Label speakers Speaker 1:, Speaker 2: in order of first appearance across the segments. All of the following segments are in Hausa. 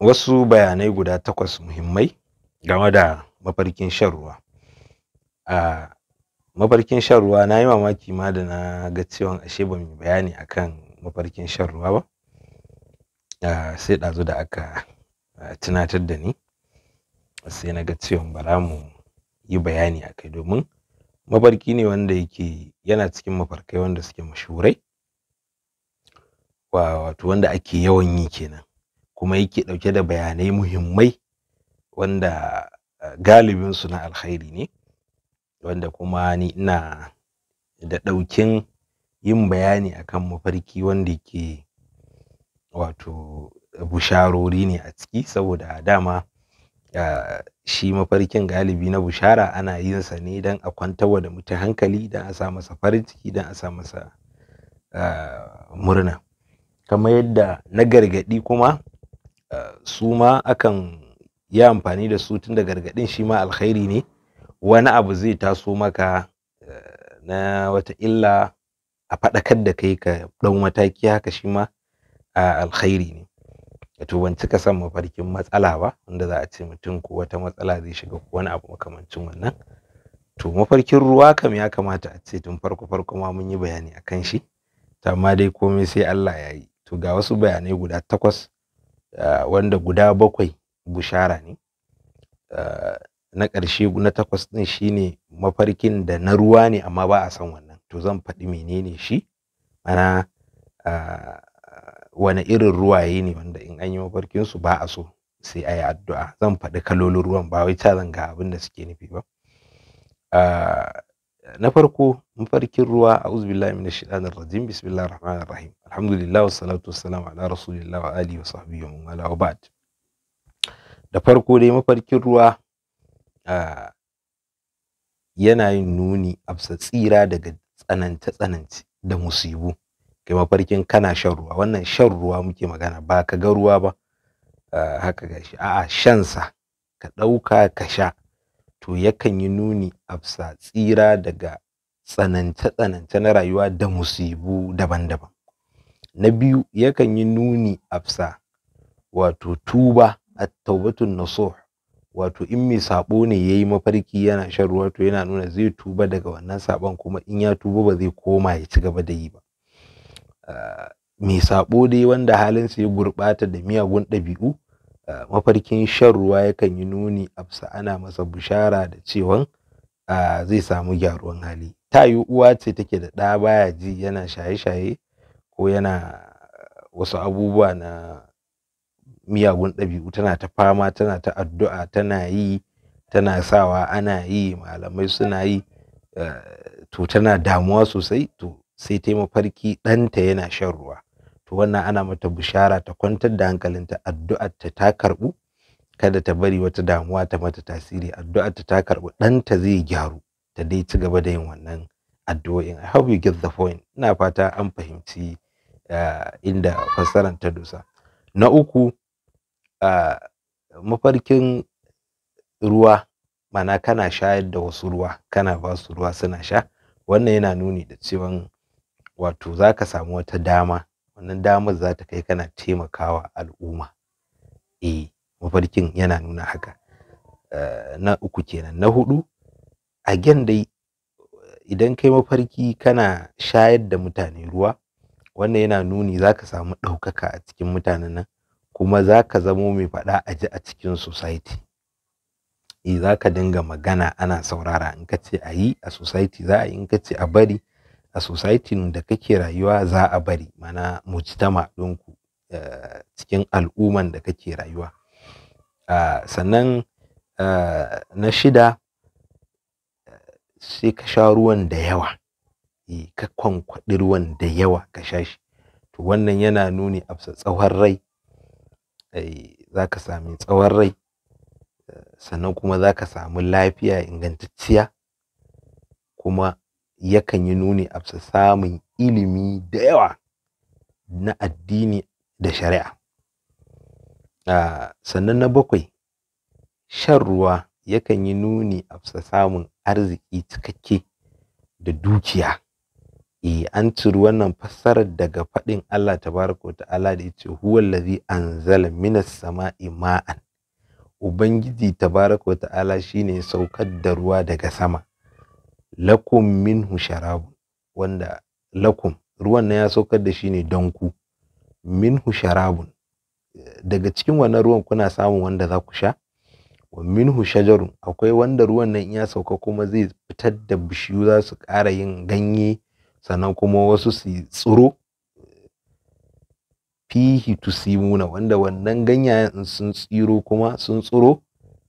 Speaker 1: wasu bayanai guda takwas muhimmai game da mafarkin shan ruwa a mafarkin shan ruwa na yi mamaki ma da na ga cewa ashe ba mu bayani akan mafarkin shan ruwa ba sai ɗazu da aka tunatar da ni sai na ga cewa bara mu yi bayani a kai domin mafarki ne wanda yake yana cikin mafarkai wanda suke mashurai wato wanda ake yawan yi kenan kuma yake dauke da bayanai muhimmai wanda eh, su na alkhairi ne wanda kuma ni ina da ɗaukin yin bayani akan mafarki wanda ke wato busharori ne a ciki saboda dama eh, shi mafarkin galibi na bushara ana yin sa ne dan a wa da mutum hankali don a sa masa farin ciki don a sa masa eh, murna kamar yadda na gargadi kuma su ma akan yi amfani da su tun da gargaɗin shi ma alkhairi ne wani abu zai taso maka eh, na wata illa a faɗakar da kai ka ɗan mataki haka shi ma alkhairi ne wato ban cika son mafarkin matsala ba wanda za a ce mutum ko wata matsala zai shiga ko wani abu makamancin wannan to mafarkin ruwa kam ya kamata a ce tun farko farko ma mun yi bayani akan shi amma dai komai sai Allah ya yi to ga wasu bayanai guda takwas Ah, wanda guda bakwai bushara ne ah, na ƙarshe na takwas ɗin shine mafarkin da na ruwa ne amma ba a san wannan to zan faɗi menene shi ana ah, wani irin ruwaye ne wanda in an yi mafarkin su ba a so sai a yi addu'a zan faɗi kalolin ruwan ba wai ta zanga abin da suke nufi ba na farko mafarkin ruwa a'udhu billahi minash shaitanir rajim bismillahir rahmanir rahim alhamdulillah wassalatu wassalamu ala rasulillah wa alihi wa sahbihi wa man wala ba'd da farko dai mafarkin ruwa yana yin nuni absa tsira daga tsananta tsananci da musibu kai mafarkin kana shan ruwa wannan shan ruwa muke magana ba ka ga ruwa ba haka gashi a'a shansa ka ɗauka ka sha to yakan yi nuni afsa tsira daga tsanance-tsanance na rayuwa da musibu daban-daban na biyu yakan yi nuni afsa wato tuba at-taubatun nasuh wato in mai sabo ne yayi mafarki yana shan ruwa to yana nuna zai tuba daga wannan sabon kuma in ya tuba ba zai koma ya ci gaba da yi ba ah, mai sabo dai wanda halinsa ya gurbata da miyagun ɗabi'u Eh, mafarkin shan ruwa yakan yi nuni afsa ana masa bushara da cewan eh, zai samu gyaruwan hali ta yi uwa ce take da ɗa baya ji yana shaye-shaye ko yana eh, wasu abubuwa na miyagun ɗabi'u tana ta fama tana ta addu'a tana yi tana sawa ana yi malamai suna yi to tana damuwa sosai to sai ta mafarki ɗanta yana shan ruwa to wannan ana mata bishara ta kwantar da hankalinta Addu'arta ta ta karbu kada ta bari wata damuwa ta mata tasiri Addu'arta ta ta karbu ɗanta zai gyaru ta dai ci gaba da yin wannan addu'o'in i hope you get the point ina fata an fahimci eh, inda fassarar ta dosa na uku eh, mafarkin ruwa mana kana shayar da wasu ruwa kana ba su ruwa suna sha wannan yana nuni da cewa wato za ka samu wata dama wannan damar za ta kai kana taimakawa al'umma E, mafarkin yana nuna haka eh, na uku kenan na hudu gen dai idan kai mafarki kana shayar da mutane ruwa wannan yana nuni za ka samu ɗaukaka a cikin mutanen nan kuma za ka zamo mai faɗa a ji a cikin society e za ka dinga magana ana saurara in ka ce a yi a society za a yi in ka ce a bari a society da kake rayuwa za a bari mana mujtama ɗinku eh, cikin al'umman da kake rayuwa ah, sannan eh, na shida eh, sai ka sha ruwan da yawa ka kwankwaɗi ruwan da yawa ka sha shi to wannan yana nuni a tsawon rai za ka sami tsawon rai sannan kuma za ka samu lafiya ingantacciya kuma yakan yi nuni a samun ilimi da yawa na addini da shari'a sannan na bakwai shan ruwa yakan yi nuni a samun arziki cikakke da dukiya eh an ciri wannan fassarar daga faɗin Allah tabaraka ta'ala da yace huwa an anzala minas sama'i ma'an ubangiji tabaraka ta'ala shine saukar da ruwa daga sama lakum minhu sharabun wanda lakum ruwan nan ya saukar da shi ne don ku minhu sharabun daga cikin wannan ruwan kuna samun wanda za ku sha wa minhu shajarun akwai wanda ruwan nan ya sauka kuma zai fitar da bishiyu za su ƙara yin ganye sannan kuma wasu su tsiro fihi tusimuna wanda wannan ganyayen sun tsiro kuma sun tsiro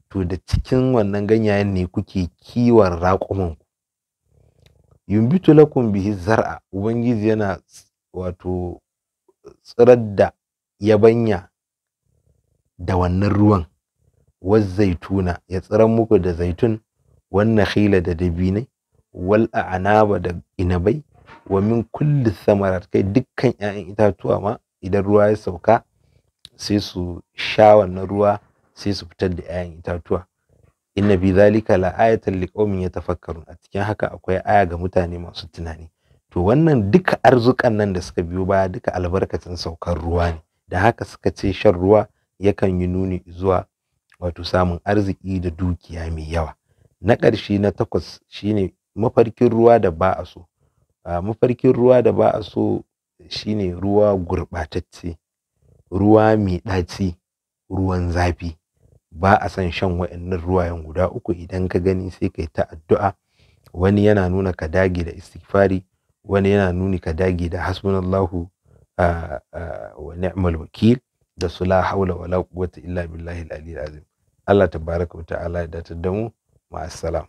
Speaker 1: to da cikin wannan ganyayen ne kuke kiwon raƙumin yumbitu lakum bihi zar'a ubangiji yana wato tsirar da yabanya da wannan ruwan zaituna ya tsirar muku da zaitun wannan khila da dabinai wal anaba da inabai wa min kulli samarat kai dukkan 'ya'yan itatuwa ma idan ruwa ya sauka sai su sha wannan ruwa sai su fitar da 'ya'yan itatuwa inna bi zalika la ayatan liqaumin yatafakkarun a cikin haka akwai aya ga mutane masu tunani to wannan duka arzukan nan da suka biyo baya duka albarkacin saukar ruwa ne da haka suka ce shan ruwa yakan yi nuni zuwa wato samun arziki da dukiya mai yawa na ƙarshe na takwas shine mafarkin ruwa da ba a so mafarkin ruwa da ba a so shine ruwa gurɓatacce ruwa mai ɗaci ruwan zafi ba a san shan wa'annan ruwayen guda uku idan ka gani sai kai ta addu'a wani yana nuna ka dage da istighfari wani yana nuni ka dage da hasbunallahu wa ni'mal wakil da su haula wala quwwata illa billahi al aliyyil azim Allah tabaraka wa ta'ala ya ta da mu ma'assalam